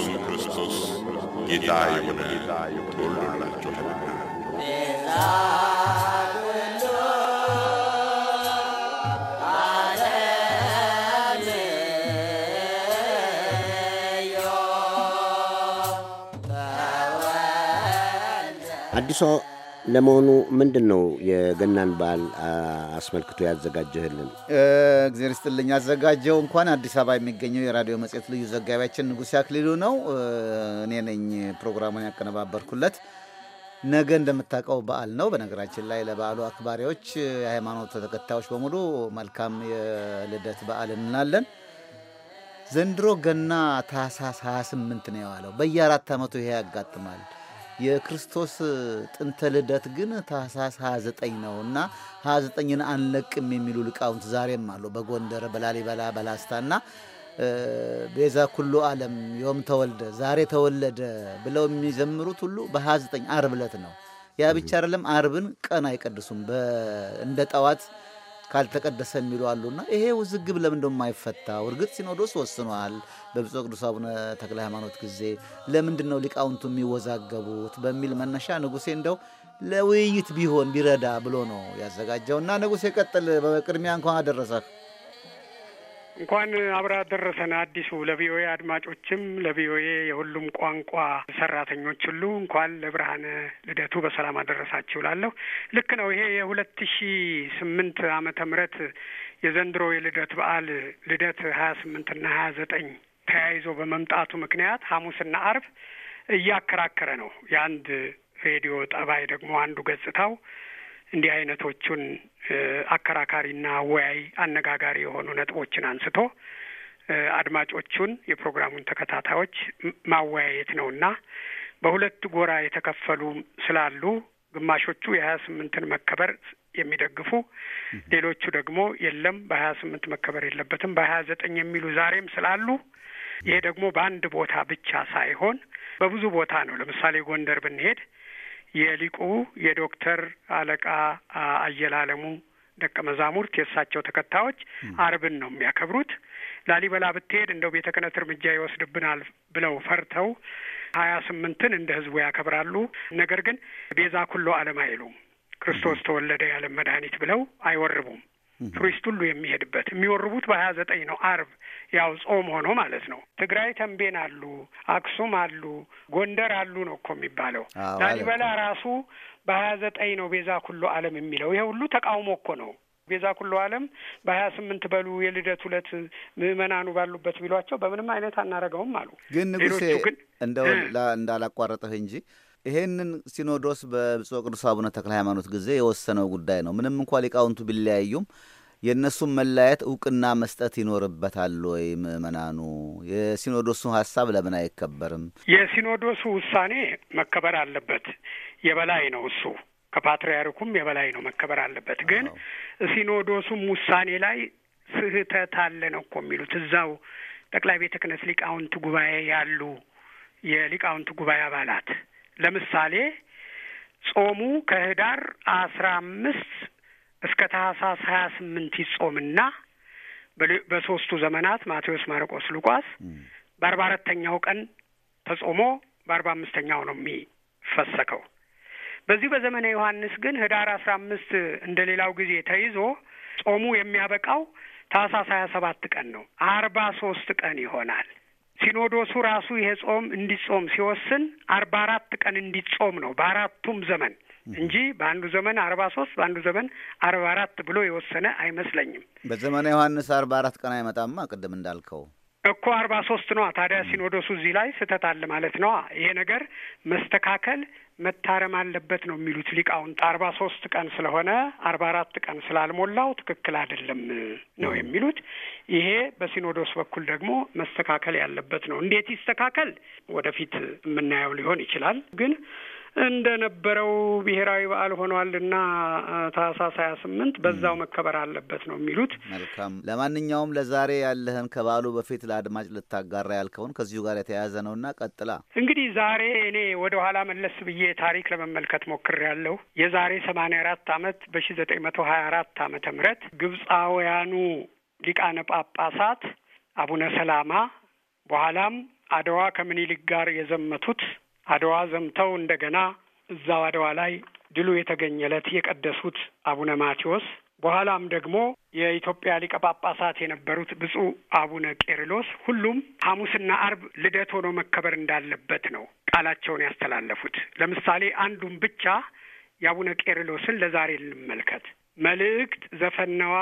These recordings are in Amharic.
እርሱም ክርስቶስ ጌታ የሆነ ተወልዶላችኋልና። አዲሶ ለመሆኑ ምንድን ነው የገናን በዓል አስመልክቶ ያዘጋጀህልን? እግዚአብሔር ስጥልኝ። ያዘጋጀው እንኳን አዲስ አበባ የሚገኘው የራዲዮ መጽሔት ልዩ ዘጋቢያችን ንጉሴ አክሊሉ ነው። እኔ ነኝ ፕሮግራሙን ያቀነባበርኩለት። ነገ እንደምታውቀው በዓል ነው። በነገራችን ላይ ለበዓሉ አክባሪዎች፣ የሃይማኖት ተከታዮች በሙሉ መልካም የልደት በዓል እንላለን። ዘንድሮ ገና ታህሳስ 28 ነው የዋለው። በየአራት ዓመቱ ይሄ ያጋጥማል። የክርስቶስ ጥንተ ልደት ግን ታህሳስ 29 ነው እና 29ን አንለቅም የሚሉ ሊቃውንት ዛሬም አሉ። በጎንደር በላሊበላ በላስታና ቤዛ ኩሉ ዓለም ዮም ተወልደ ዛሬ ተወለደ ብለው የሚዘምሩት ሁሉ በ29 ዓርብ ዕለት ነው። ያ ብቻ አይደለም፣ አርብን ቀን አይቀድሱም እንደ ጠዋት ካልተቀደሰ የሚሉ አሉና ይሄ ውዝግብ ለምን አይፈታው? እርግጥ ሲኖዶስ ወስኗል። በብፁዕ ቅዱስ አቡነ ተክለ ሃይማኖት ጊዜ ለምንድን ነው ሊቃውንቱ የሚወዛገቡት በሚል መነሻ ንጉሴ እንደው ለውይይት ቢሆን ቢረዳ ብሎ ነው ያዘጋጀው እና ንጉሴ ቀጥል። በቅድሚያ እንኳን አደረሰህ። እንኳን አብራ ደረሰን አዲሱ ለቪኦኤ አድማጮችም ለቪኦኤ የሁሉም ቋንቋ ሰራተኞች ሁሉ እንኳን ለብርሃነ ልደቱ በሰላም አደረሳችሁ ላለሁ። ልክ ነው። ይሄ የሁለት ሺ ስምንት ዓመተ ምህረት የዘንድሮ የልደት በዓል ልደት ሀያ ስምንትና ሀያ ዘጠኝ ተያይዞ በመምጣቱ ምክንያት ሐሙስና አርብ እያከራከረ ነው። የአንድ ሬዲዮ ጠባይ ደግሞ አንዱ ገጽታው እንዲህ አይነቶቹን አከራካሪና አወያይ አነጋጋሪ የሆኑ ነጥቦችን አንስቶ አድማጮቹን የፕሮግራሙን ተከታታዮች ማወያየት ነውና በሁለት ጎራ የተከፈሉ ስላሉ ግማሾቹ የሀያ ስምንትን መከበር የሚደግፉ ሌሎቹ ደግሞ የለም በሀያ ስምንት መከበር የለበትም በሀያ ዘጠኝ የሚሉ ዛሬም ስላሉ ይሄ ደግሞ በአንድ ቦታ ብቻ ሳይሆን በብዙ ቦታ ነው። ለምሳሌ ጎንደር ብንሄድ የሊቁ የዶክተር አለቃ አየለ አለሙ ደቀ መዛሙርት የእሳቸው ተከታዮች አርብን ነው የሚያከብሩት። ላሊበላ ብትሄድ እንደው ቤተ ክህነት እርምጃ ይወስድብናል ብለው ፈርተው ሀያ ስምንትን እንደ ህዝቡ ያከብራሉ። ነገር ግን ቤዛ ኩሎ ዓለም አይሉም ክርስቶስ ተወለደ ያለም መድኃኒት ብለው አይወርቡም። ቱሪስት ሁሉ የሚሄድበት የሚወርቡት በሀያ ዘጠኝ ነው አርብ ያው ጾም ሆኖ ማለት ነው። ትግራይ ተንቤን አሉ፣ አክሱም አሉ፣ ጎንደር አሉ ነው እኮ የሚባለው። ላሊበላ ራሱ በሀያ ዘጠኝ ነው ቤዛ ኩሎ ዓለም የሚለው ይሄ ሁሉ ተቃውሞ እኮ ነው። ቤዛ ኩሎ ዓለም በሀያ ስምንት በሉ የልደት ሁለት ምእመናኑ ባሉበት ቢሏቸው በምንም አይነት አናረገውም አሉ። ግን ንጉሴ እንደው እንዳላቋረጠህ እንጂ ይሄንን ሲኖዶስ በብፁዕ ወቅዱስ አቡነ ተክለ ሃይማኖት ጊዜ የወሰነው ጉዳይ ነው። ምንም እንኳ ሊቃውንቱ ቢለያዩም የእነሱም መለያየት እውቅና መስጠት ይኖርበታል ወይ? ምእመናኑ የሲኖዶሱ ሀሳብ ለምን አይከበርም? የሲኖዶሱ ውሳኔ መከበር አለበት። የበላይ ነው እሱ ከፓትርያርኩም የበላይ ነው፣ መከበር አለበት። ግን ሲኖዶሱም ውሳኔ ላይ ስህተት አለ ነው እኮ የሚሉት እዛው ጠቅላይ ቤተ ክህነት ሊቃውንት ጉባኤ ያሉ የሊቃውንት ጉባኤ አባላት ለምሳሌ ጾሙ ከህዳር አስራ አምስት እስከ ታህሳስ ሀያ ስምንት ይጾምና በሶስቱ ዘመናት ማቴዎስ፣ ማርቆስ፣ ሉቃስ በአርባ አራተኛው ቀን ተጾሞ በአርባ አምስተኛው ነው የሚፈሰከው። በዚህ በዘመነ ዮሐንስ ግን ህዳር አስራ አምስት እንደ ሌላው ጊዜ ተይዞ ጾሙ የሚያበቃው ታህሳስ ሀያ ሰባት ቀን ነው። አርባ ሶስት ቀን ይሆናል። ሲኖዶሱ ራሱ ይሄ ጾም እንዲጾም ሲወስን አርባ አራት ቀን እንዲጾም ነው በአራቱም ዘመን እንጂ በአንዱ ዘመን አርባ ሶስት በአንዱ ዘመን አርባ አራት ብሎ የወሰነ አይመስለኝም። በዘመነ ዮሐንስ አርባ አራት ቀን አይመጣማ ቅድም እንዳልከው እኮ አርባ ሶስት ነዋ። ታዲያ ሲኖዶሱ እዚህ ላይ ስህተት አለ ማለት ነዋ። ይሄ ነገር መስተካከል መታረም አለበት ነው የሚሉት ሊቃውንት። አርባ ሶስት ቀን ስለሆነ አርባ አራት ቀን ስላልሞላው ትክክል አይደለም ነው የሚሉት። ይሄ በሲኖዶስ በኩል ደግሞ መስተካከል ያለበት ነው። እንዴት ይስተካከል? ወደፊት የምናየው ሊሆን ይችላል ግን እንደነበረው ብሔራዊ በዓል ሆኗልና ታህሳስ ሀያ ስምንት በዛው መከበር አለበት ነው የሚሉት። መልካም። ለማንኛውም ለዛሬ ያለህን ከባሉ በፊት ለአድማጭ ልታጋራ ያልከውን ከዚሁ ጋር የተያያዘ ነውና ቀጥላ። እንግዲህ ዛሬ እኔ ወደ ኋላ መለስ ብዬ ታሪክ ለመመልከት ሞክር ያለው የዛሬ ሰማንያ አራት አመት በሺ ዘጠኝ መቶ ሀያ አራት አመተ ምህረት ግብፃውያኑ ሊቃነ ጳጳሳት አቡነ ሰላማ በኋላም አድዋ ከምኒልክ ጋር የዘመቱት አድዋ ዘምተው እንደገና እዛው አድዋ ላይ ድሉ የተገኘለት የቀደሱት አቡነ ማቴዎስ በኋላም ደግሞ የኢትዮጵያ ሊቀ ጳጳሳት የነበሩት ብፁዕ አቡነ ቄርሎስ ሁሉም ሐሙስና አርብ ልደት ሆኖ መከበር እንዳለበት ነው ቃላቸውን ያስተላለፉት። ለምሳሌ አንዱን ብቻ የአቡነ ቄርሎስን ለዛሬ እንመልከት። መልእክት ዘፈነዋ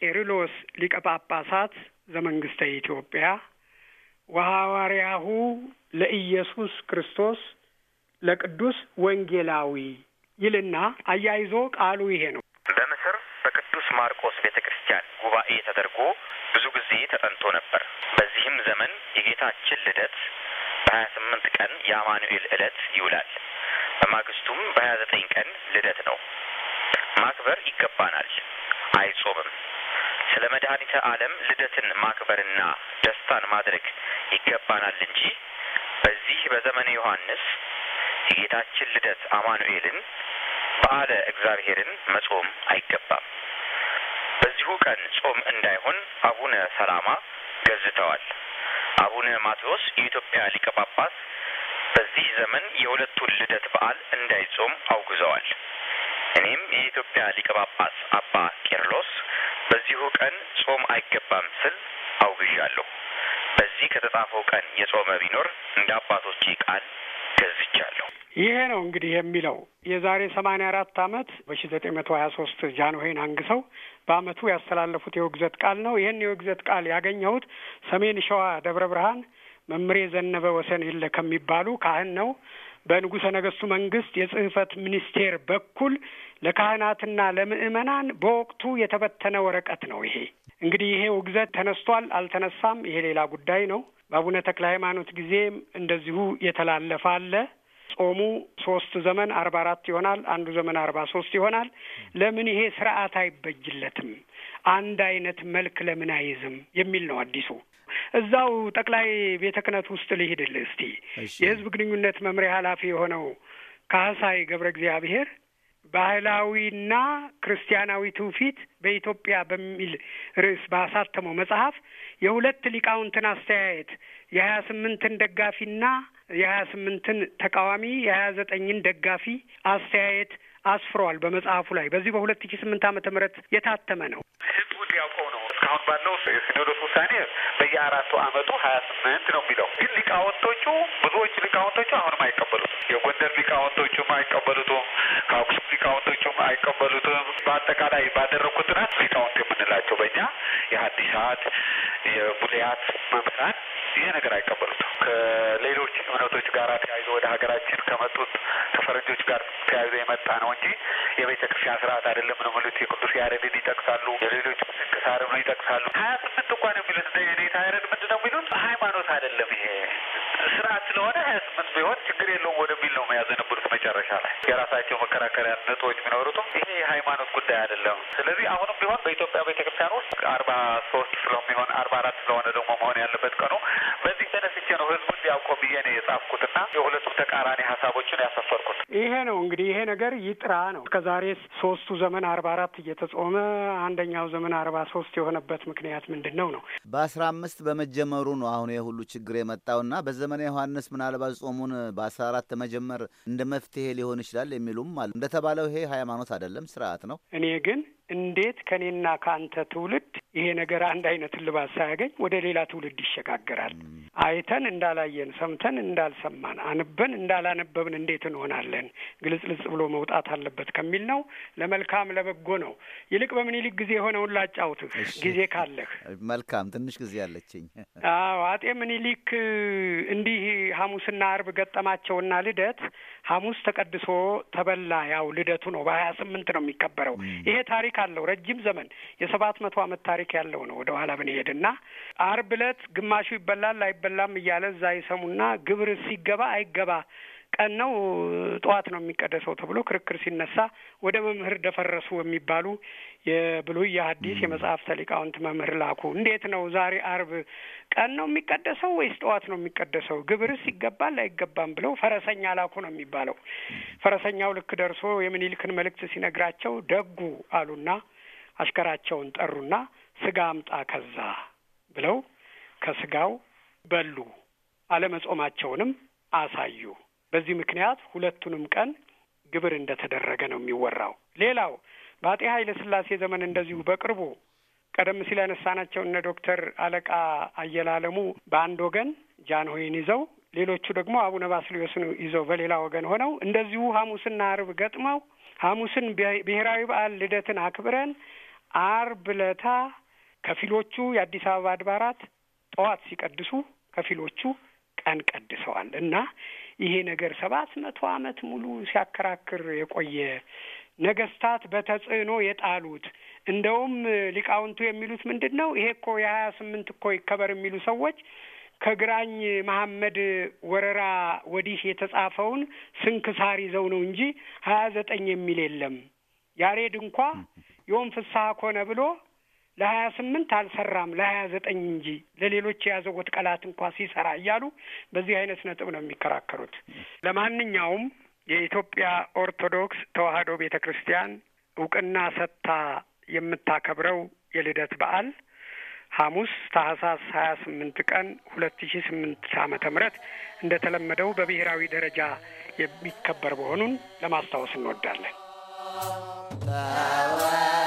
ቄርሎስ ሊቀ ጳጳሳት ዘመንግስተ ኢትዮጵያ ወሐዋርያሁ ለኢየሱስ ክርስቶስ ለቅዱስ ወንጌላዊ ይልና አያይዞ ቃሉ ይሄ ነው። በምስር በቅዱስ ማርቆስ ቤተ ክርስቲያን ጉባኤ ተደርጎ ብዙ ጊዜ ተጠንቶ ነበር። በዚህም ዘመን የጌታችን ልደት በሀያ ስምንት ቀን የአማኑኤል ዕለት ይውላል። በማግስቱም በሀያ ዘጠኝ ቀን ልደት ነው። ማክበር ይገባናል። አይጾምም ስለ መድኃኒተ ዓለም ልደትን ማክበርና ደስታን ማድረግ ይገባናል እንጂ በዚህ በዘመነ ዮሐንስ የጌታችን ልደት አማኑኤልን በዓለ እግዚአብሔርን መጾም አይገባም። በዚሁ ቀን ጾም እንዳይሆን አቡነ ሰላማ ገዝተዋል። አቡነ ማቴዎስ የኢትዮጵያ ሊቀ ጳጳስ በዚህ ዘመን የሁለቱን ልደት በዓል እንዳይጾም አውግዘዋል። እኔም የኢትዮጵያ ሊቀ ጳጳስ አባ ቄርሎስ በዚሁ ቀን ጾም አይገባም ስል አውግዣለሁ። በዚህ ከተጻፈው ቀን የጾመ ቢኖር እንደ አባቶች ቃል ገዝቻለሁ። ይሄ ነው እንግዲህ የሚለው የዛሬ ሰማንያ አራት አመት በሺ ዘጠኝ መቶ ሀያ ሶስት ጃንሆይን አንግሰው በአመቱ ያስተላለፉት የውግዘት ቃል ነው። ይህን የውግዘት ቃል ያገኘሁት ሰሜን ሸዋ ደብረ ብርሃን መምሬ ዘነበ ወሰን የለ ከሚባሉ ካህን ነው። በንጉሠ ነገሥቱ መንግስት የጽህፈት ሚኒስቴር በኩል ለካህናትና ለምእመናን በወቅቱ የተበተነ ወረቀት ነው። ይሄ እንግዲህ ይሄ ውግዘት ተነስቷል አልተነሳም፣ ይሄ ሌላ ጉዳይ ነው። በአቡነ ተክለ ሃይማኖት ጊዜም እንደዚሁ የተላለፈ አለ። ጾሙ ሶስት ዘመን አርባ አራት ይሆናል፣ አንዱ ዘመን አርባ ሶስት ይሆናል። ለምን ይሄ ስርዓት አይበጅለትም? አንድ አይነት መልክ ለምን አይዝም የሚል ነው አዲሱ እዛው ጠቅላይ ቤተ ክህነት ውስጥ ልሂድል እስቲ የህዝብ ግንኙነት መምሪያ ኃላፊ የሆነው ካህሳይ ገብረ እግዚአብሔር ባህላዊና ክርስቲያናዊ ትውፊት በኢትዮጵያ በሚል ርዕስ ባሳተመው መጽሐፍ የሁለት ሊቃውንትን አስተያየት የሀያ ስምንትን ደጋፊና የሀያ ስምንትን ተቃዋሚ የሀያ ዘጠኝን ደጋፊ አስተያየት አስፍሯል። በመጽሐፉ ላይ በዚህ በሁለት ሺ ስምንት ዓመተ ምህረት የታተመ ነው። ህዝቡ እንዲያውቀው ነው። እስካሁን ባለው የሲኖዶሱ ውሳኔ በየአራቱ አመቱ ሀያ ስምንት ነው የሚለው ግን ሊቃውንቶቹ ብዙዎች ሊቃውንቶቹ አሁንም አይቀበሉትም። የጎንደር ሊቃውንቶቹም አይቀበሉትም። ከአክሱም ሊቃውንቶቹም አይቀበሉትም። በአጠቃላይ ባደረግኩት ጥናት ሊቃውንት የምንላቸው በእኛ የሀዲሳት የቡሌያት መምህራን ይሄ ነገር አይቀበሉትም። ከሌሎች እምነቶች ጋር ተያይዞ ወደ ሀገራችን ከመጡት ከፈረንጆች ጋር ተያይዞ የመጣ ነው እንጂ የቤተ ክርስቲያን ስርዓት አይደለም ነው የሚሉት። የቅዱስ ያሬድን ይጠቅሳሉ፣ የሌሎች ቅሳርም ነው ይጠቅሳሉ። ሀያ ስምንት እንኳን የሚሉት እንደ የኔታ ያሬድ ምንድን ነው የሚሉት? ሃይማኖት አይደለም ይሄ ስርዓት ስለሆነ ሀያ ስምንት ቢሆን ችግር የለውም ወደሚል ነው የሚያዘነብሉት። መጨረሻ ላይ የራሳቸው መከራከሪያ ነጥቦች ቢኖሩትም ይሄ የሃይማኖት ጉዳይ አይደለም። ስለዚህ አሁንም ቢሆን በኢትዮጵያ ቤተክርስቲያን ውስጥ አርባ ሶስት ስለሚሆን አርባ አራት ስለሆነ ደግሞ መሆን ያለበት ቀኑ is, of ያደረግኩትና የሁለቱ ተቃራኒ ሀሳቦችን ያሰፈርኩት ይሄ ነው። እንግዲህ ይሄ ነገር ይጥራ ነው። ከዛሬ ሶስቱ ዘመን አርባ አራት እየተጾመ አንደኛው ዘመን አርባ ሶስት የሆነበት ምክንያት ምንድን ነው ነው? በአስራ አምስት በመጀመሩ ነው አሁን የሁሉ ችግር የመጣውና በዘመነ ዮሐንስ ምናልባት ጾሙን በአስራ አራት መጀመር እንደ መፍትሄ ሊሆን ይችላል የሚሉም አሉ። እንደተባለው ይሄ ሃይማኖት አይደለም፣ ስርዓት ነው። እኔ ግን እንዴት ከእኔና ከአንተ ትውልድ ይሄ ነገር አንድ አይነት እልባት ሳያገኝ ወደ ሌላ ትውልድ ይሸጋገራል? አይተን እንዳላየን ሰምተን እንዳልሰማ ሰማን። አንበን እንዳላነበብን እንዴት እንሆናለን? ግልጽ ልጽ ብሎ መውጣት አለበት ከሚል ነው። ለመልካም ለበጎ ነው። ይልቅ በምኒልክ ጊዜ የሆነውን ላጫውትህ ጊዜ ካለህ። መልካም ትንሽ ጊዜ አለችኝ። አዎ አጤ ምኒልክ እንዲህ ሐሙስና አርብ ገጠማቸውና ልደት ሐሙስ ተቀድሶ ተበላ። ያው ልደቱ ነው። በሀያ ስምንት ነው የሚከበረው። ይሄ ታሪክ አለው ረጅም ዘመን የሰባት መቶ ዓመት ታሪክ ያለው ነው። ወደ ኋላ ብንሄድና አርብ ዕለት ግማሹ ይበላል አይበላም እያለ እዛ ይሰሙና ግብር ሲ ይገባ አይገባ ቀን ነው ጠዋት ነው የሚቀደሰው ተብሎ ክርክር ሲነሳ ወደ መምህር ደፈረሱ የሚባሉ የብሉይ የሐዲስ የመጽሐፍ ተሊቃውንት መምህር ላኩ። እንዴት ነው ዛሬ አርብ ቀን ነው የሚቀደሰው ወይስ ጠዋት ነው የሚቀደሰው? ግብርስ ይገባል አይገባም ብለው ፈረሰኛ ላኩ ነው የሚባለው። ፈረሰኛው ልክ ደርሶ የምኒልክን መልእክት ሲነግራቸው ደጉ አሉና አሽከራቸውን ጠሩና ስጋ አምጣ ከዛ ብለው ከስጋው በሉ አለመጾማቸውንም አሳዩ። በዚህ ምክንያት ሁለቱንም ቀን ግብር እንደተደረገ ነው የሚወራው። ሌላው በአጤ ኃይለ ስላሴ ዘመን እንደዚሁ በቅርቡ ቀደም ሲል ያነሳናቸው እነ ዶክተር አለቃ አየላለሙ በአንድ ወገን ጃንሆይን ይዘው ሌሎቹ ደግሞ አቡነ ባስልዮስን ይዘው በሌላ ወገን ሆነው እንደዚሁ ሐሙስና አርብ ገጥመው ሐሙስን ብሔራዊ በዓል ልደትን አክብረን አርብ ለታ ከፊሎቹ የአዲስ አበባ አድባራት ጠዋት ሲቀድሱ፣ ከፊሎቹ ቀን ቀድሰዋል እና ይሄ ነገር ሰባት መቶ ዓመት ሙሉ ሲያከራክር የቆየ ነገስታት በተጽዕኖ የጣሉት እንደውም ሊቃውንቱ የሚሉት ምንድን ነው? ይሄ እኮ የሀያ ስምንት እኮ ይከበር የሚሉ ሰዎች ከግራኝ መሐመድ ወረራ ወዲህ የተጻፈውን ስንክሳር ይዘው ነው እንጂ ሀያ ዘጠኝ የሚል የለም። ያሬድ እንኳ ዮም ፍስሐ ኮነ ብሎ ለሀያ ስምንት አልሰራም ለሀያ ዘጠኝ እንጂ ለሌሎች የያዘወት ቀላት እንኳ ሲሰራ እያሉ በዚህ አይነት ነጥብ ነው የሚከራከሩት። ለማንኛውም የኢትዮጵያ ኦርቶዶክስ ተዋህዶ ቤተ ክርስቲያን እውቅና ሰጥታ የምታከብረው የልደት በዓል ሐሙስ ታህሳስ ሀያ ስምንት ቀን ሁለት ሺ ስምንት ዓመተ ምህረት እንደ ተለመደው በብሔራዊ ደረጃ የሚከበር መሆኑን ለማስታወስ እንወዳለን።